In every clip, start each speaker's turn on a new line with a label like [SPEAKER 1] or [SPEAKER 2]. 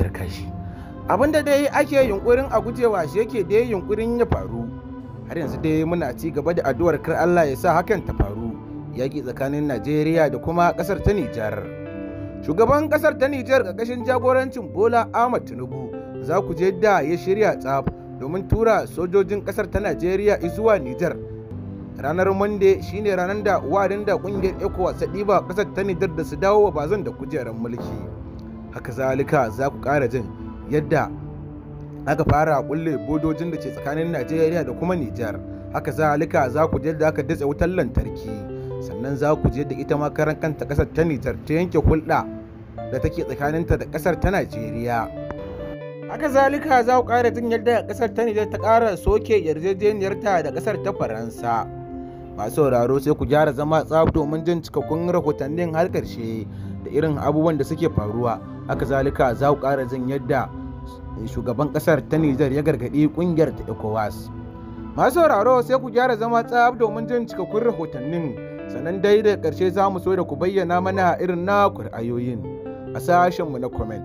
[SPEAKER 1] cutar kashi abin da dai ake yunkurin a gujewa shi yake dai yunkurin ya faru har yanzu dai muna ci gaba da addu'ar kar Allah ya sa hakan ta faru Yaki tsakanin Najeriya da kuma ƙasar ta Nijar shugaban ƙasar ta Nijar ƙarƙashin jagorancin Bola Ahmad Tinubu za ku je da ya shirya tsaf domin tura sojojin ƙasar ta Najeriya zuwa Nijar ranar Monday shine ranar da warin da ƙungiyar ECOWAS ta ɗiba ƙasar ta Nijar da su dawo wa bazan da kujerar mulki. haka zalika za ku ƙara jin yadda aka fara kulle bodojin da ke tsakanin najeriya da kuma nijar haka zalika za ku je da aka datse wutar lantarki sannan za ku je da ita ma karan kanta kasar ta nijar ta yanke hulɗa da take tsakaninta da kasar ta najeriya haka zalika za ku ƙara jin yadda kasar ta nijar ta ƙara soke yarjejeniyarta da kasar ta faransa masu sauraro sai ku gyara zama tsaf domin jin cikakkun rahotannin har ƙarshe da irin abubuwan da suke faruwa haka zalika za ku ƙara jin yadda shugaban kasar ta nijar ya gargaɗi ƙungiyar ta ecowas masu sauraro sai ku gyara zama tsab domin jin cikakkun rahotannin sannan dai da ƙarshe za mu so da ku bayyana mana irin na ra'ayoyin a sashenmu na comment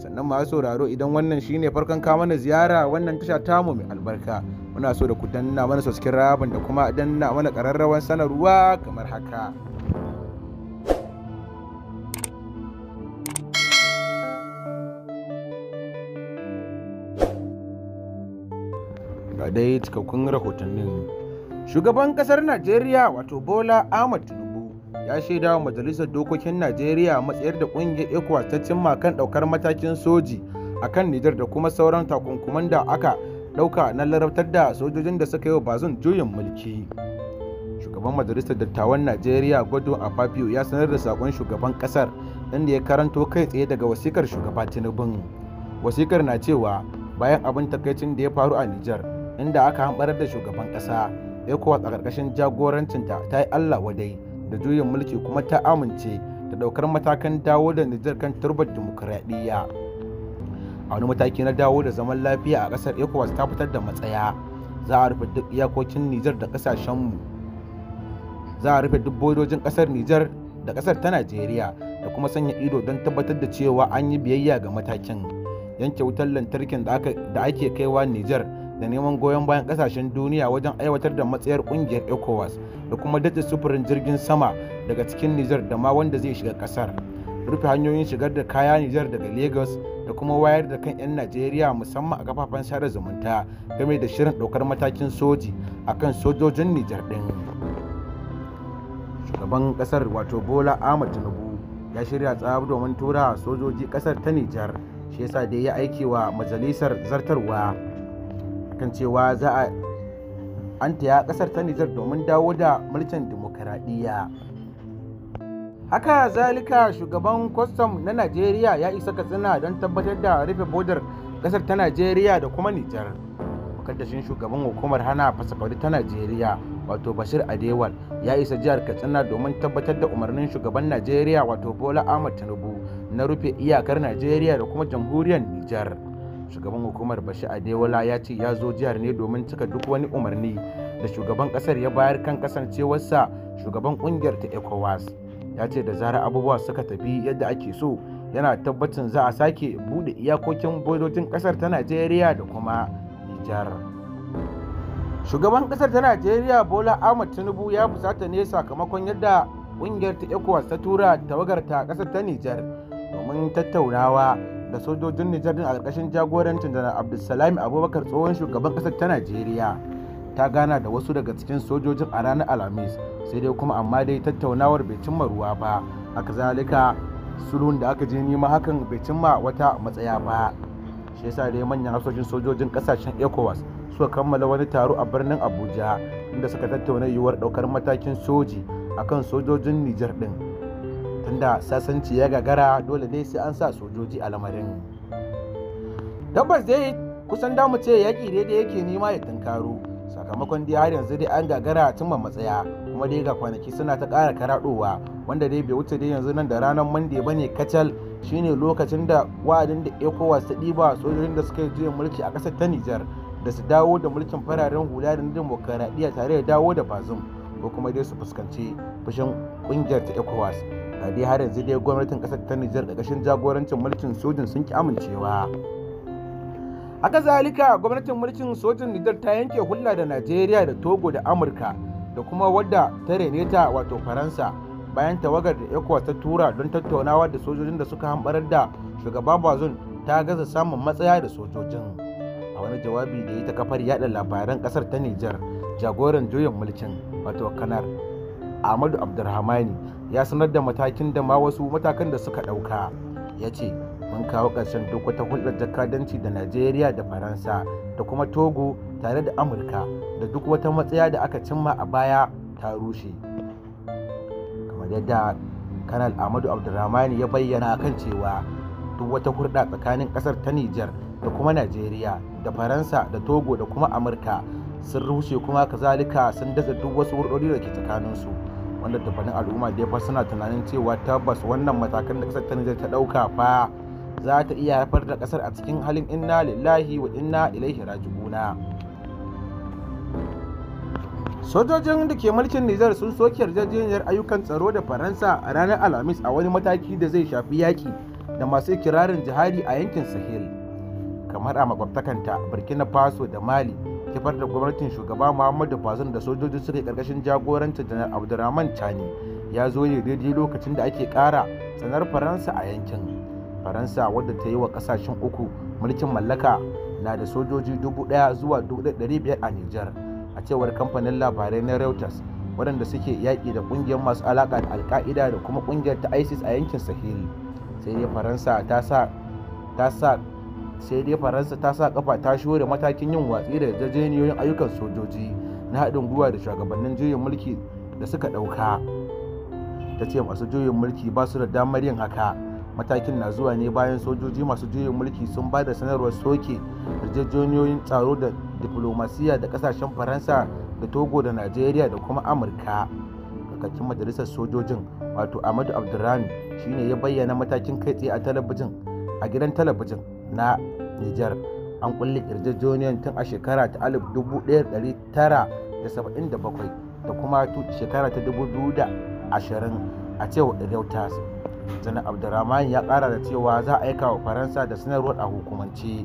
[SPEAKER 1] sannan masu sauraro idan wannan shine farkon kama na ziyara wannan tasha tamu mai albarka muna so da ku danna mana subscribe da kuma danna mana ƙararrawar sanarwa kamar haka ga dai cikakkun rahotannin shugaban kasar najeriya wato bola ahmad tinubu ya shaida wa majalisar dokokin najeriya matsayar da kungiyar ecowas ta cimma kan daukar matakin soji a kan nijar da kuma sauran takunkuman da aka dauka na larabtar da sojojin da suka yi wa bazin juyin mulki shugaban majalisar dattawan najeriya a fafiyo ya sanar da sakon shugaban kasar inda ya karanto kai tsaye daga wasikar shugaba tinubu wasikar na cewa bayan abin takaicin da ya faru a nijar inda aka hamɓarar da shugaban ƙasa ecowas a ƙarƙashin jagorancinta ta yi allah wadai da juyin mulki kuma ta amince da ɗaukar matakan dawo da nijar kan turbar dimokuraɗiyya a wani mataki na dawo da zaman lafiya a ƙasar ecowas ta fitar da matsaya za a rufe duk iyakokin nijar da ƙasashenmu za a rufe duk bodojin ƙasar nijar da ƙasar ta najeriya da kuma sanya ido don tabbatar da cewa an yi biyayya ga matakin yanke wutar lantarkin da ake kaiwa nijar da neman goyon bayan kasashen duniya wajen aiwatar da matsayar kungiyar ecowas da kuma datse sufurin jirgin sama daga cikin nijar da ma wanda zai shiga kasar rufe hanyoyin shigar da kaya nijar daga lagos da kuma wayar da kan 'yan najeriya musamman a kafafen sada zumunta game da shirin ɗaukar matakin soji a kan sojojin nijar din. shugaban kasar wato bola ahmad tinubu ya shirya tsab domin tura sojoji kasar ta nijar shi yasa da ya aiki wa majalisar zartarwa kan cewa za a an taya kasar ta Nijar domin dawo da mulkin demokaradiyya Haka zalika shugaban kwastam na Najeriya ya isa katsina don tabbatar da rufe bodar kasar ta Najeriya da kuma Nijar. Makaddashin shugaban hukumar hana fasakari ta Najeriya wato Bashir Adewal ya isa jihar Katsina domin tabbatar da umarnin shugaban Najeriya wato Bola Ahmed Tinubu na rufe iyakar Najeriya da kuma jamhuriyar Nijar. shugaban hukumar bashi a dewala ya ce ya zo jihar ne domin cika duk wani umarni da shugaban kasar ya bayar kan kasancewarsa shugaban kungiyar ta ecowas ya ce da zara abubuwa suka tafi yadda ake so yana tabbacin za a sake bude iyakokin bodojin kasar ta najeriya da kuma nijar shugaban kasar ta najeriya bola ahmad tinubu ya fusata ne sakamakon yadda kungiyar ta ecowas ta tura tawagar ta kasar ta nijar domin tattaunawa da sojojin Nijar a ƙarƙashin jagorancin da Abdulsalami Abubakar tsohon shugaban ƙasar ta Najeriya. Ta gana da wasu daga cikin sojojin a ranar Alhamis sai dai kuma amma dai tattaunawar bai cimma ruwa ba. a kazalika sulhun da aka je nema hakan bai cimma wata matsaya ba. Shi yasa dai manyan hasoshin sojojin ƙasashen ECOWAS suka kammala wani taro a birnin Abuja inda suka tattauna yiwuwar ɗaukar matakin soji akan sojojin Nijar ɗin. inda sasanci ya gagara dole dai sai an sa sojoji a lamarin tabbas dai kusan damu ce yaƙi daidai yake nema ya tunkaro sakamakon dai har yanzu dai an gagara tun cimma matsaya kuma dai ga kwanaki suna ta kara karaɗowa wanda dai bai wuce dai yanzu nan da ranar mande bane kacal shine lokacin da wa'adin da ecowas ta ɗiba sojojin da suka juya mulki a ƙasar ta nijar da su dawo da mulkin fararen hula da na dimokuraɗiyya tare da dawo da bazum ko kuma dai su fuskanci fushin ƙungiyar ta ecowas a dai har yanzu dai gwamnatin ƙasar ta nijar ƙarƙashin jagorancin mulkin sojin sun ki amincewa haka zalika gwamnatin mulkin sojin nijar ta yanke hulɗa da najeriya da togo da amurka da kuma wadda ta reneta wato faransa bayan tawagar da ecowas ta tura don tattaunawa da sojojin da suka hambarar da shugaba Bazoum ta gaza samun matsaya da sojojin a wani jawabi da ya ta kafar yaɗa labaran kasar ta nijar jagoran juyin mulkin wato kanar ahmadu abdulrahmani ya sanar da matakin da ma wasu matakan da suka ɗauka ya ce mun kawo ƙarshen duk wata hulɗar jakadanci da najeriya da faransa da kuma togo tare da amurka da duk wata matsaya da aka cimma a baya ta rushe kamar yadda kanal ahmadu abdurrahmani ya bayyana kan cewa duk wata hulɗa tsakanin ƙasar ta nijar da kuma najeriya da faransa da togo da kuma amurka sun rushe kuma kazalika sun datse duk wasu wurdori da ke tsakaninsu wanda tafanin al'umma da fa suna tunanin cewa tabbas wannan matakan da kasar ta Nijar ta dauka fa za ta iya haifar da kasar a cikin halin inna lillahi wa inna ilaihi raji'una sojojin da ke mulkin Nijar sun soke yarjejeniyar ayyukan tsaro da Faransa a ranar Alhamis a wani mataki da zai shafi yaki da masu ikirarin jihadi a yankin Sahel kamar a makwabtakanta Burkina Faso da Mali kifar da gwamnatin shugaba muhammadu bazum da sojoji suka yi karkashin jagorancin janar abdurrahman chani ya zo ne daidai lokacin da ake kara sanar faransa a yankin faransa wadda ta yi wa kasashen uku mulkin mallaka na da sojoji dubu daya zuwa dubu dari biyar a nijar a cewar kamfanin labarai na reuters waɗanda suke yaƙi da ƙungiyar masu alaƙa da alka'ida da kuma ƙungiyar ta isis a yankin sahel sai dai faransa ta sa sai dai faransa ta sa kafa ta shigo da matakin yin watsi da yarjejeniyoyin ayyukan sojoji na haɗin gwiwa da shugabannin juyin mulki da suka ɗauka ta ce masu juyin mulki ba su da damar yin haka matakin na zuwa ne bayan sojoji masu juyin mulki sun ba da sanarwar soke yarjejeniyoyin tsaro da diplomasiya da kasashen faransa da togo da najeriya da kuma amurka kakakin majalisar sojojin wato ahmadu abdurrahman shine ya bayyana matakin kai tsaye a talabijin a gidan talabijin na Nijar an kulle yarjejeniyar tun a shekara ta 1977 da kuma shekara ta 2020 a cewa Reuters. Sani Abdurrahman ya kara da cewa za a aika wa Faransa da sanarwar a hukumance.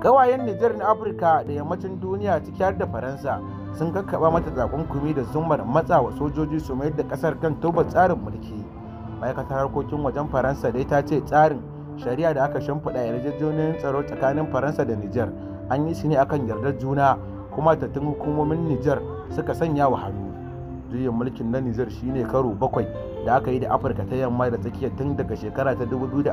[SPEAKER 1] Kawayen Nijar na Afirka da yammacin duniya ciki har da Faransa sun kakkaba mata takunkumi da zumar matsa wa sojoji su mayar da kasar kan tubar tsarin mulki. Ma'aikatar harkokin wajen Faransa dai ta ce tsarin shari'a da aka shimfiɗa yarjejeniyar tsaro tsakanin faransa da nijar an yi su ne akan yardar juna kuma tattun hukumomin nijar suka sanya wa hannu juyin mulkin na nijar shine karo bakwai da aka yi da afirka ta yamma da tsakiya tun daga shekara ta 2022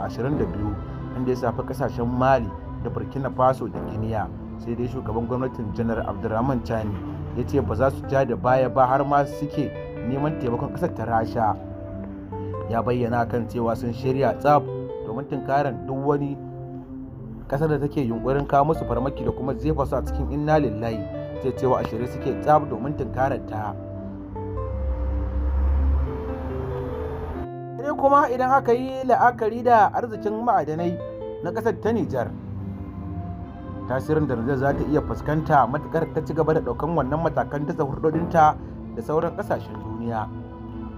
[SPEAKER 1] inda ya safi kasashen mali da burkina faso da guinea sai dai shugaban gwamnatin janar abdulrahman chani ya ce ba za su ja da baya ba har ma suke neman taimakon kasar ta rasha ya bayyana kan cewa sun shirya tsab domin tunkarin duk wani kasar da take yunkurin kawo musu farmaki da kuma jefa su a cikin inna lillahi sai cewa a shirye suke tsab domin tunkarar ta sai kuma idan aka yi la'akari da arzikin ma'adanai na kasar ta Nijar tasirin da Nijar za ta iya fuskanta matukar ta ci gaba da daukan wannan matakan ta hurdodinta da sauran kasashen duniya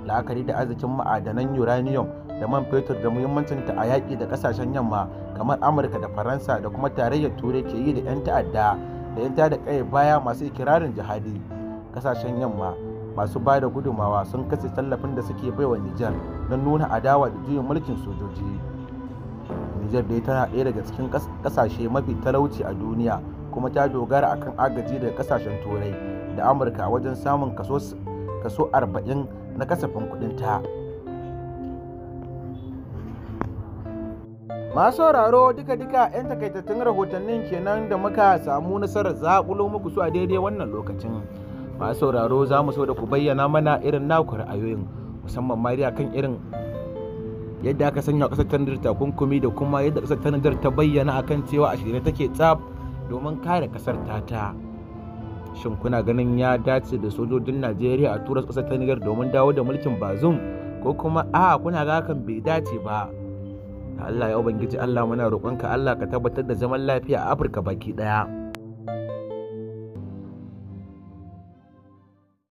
[SPEAKER 1] la'akari da arzikin ma'adanan uranium da man fetur da muhimmancinta a yaƙi da ƙasashen yamma kamar amurka da faransa da kuma tarayyar turai ke yi da 'yan ta'adda da 'yan da kai baya masu ikirarin jihadi ƙasashen yamma masu ba da gudumawa sun kasa tallafin da suke baiwa nijar don nuna adawa da juyin mulkin sojoji nijar dai tana ɗaya daga cikin ƙasashe mafi talauci a duniya kuma ta dogara a kan agaji daga ƙasashen turai da amurka wajen samun kaso 40 na kasafin kudinta ta masu sauraro duka-duka 'yan takaitattun rahotannin kenan da muka samu nasarar zaƙulo muku su a daidai wannan lokacin masu sauraro za mu so da ku bayyana mana irin naku ra'ayoyin musamman ma kan irin yadda aka sanya ƙasar tanadar takunkumi da kuma yadda ƙasar tanadar ta bayyana akan cewa a shirye take tsab domin kare ƙasar tata shin kuna ganin ya dace da sojojin najeriya a tura ƙasar tanadar domin dawo da mulkin bazum ko kuma a'a kuna ga hakan bai dace ba Allah ya ubangiji Allah muna roƙonka Allah ka tabbatar da zaman lafiya a Afirka baki ɗaya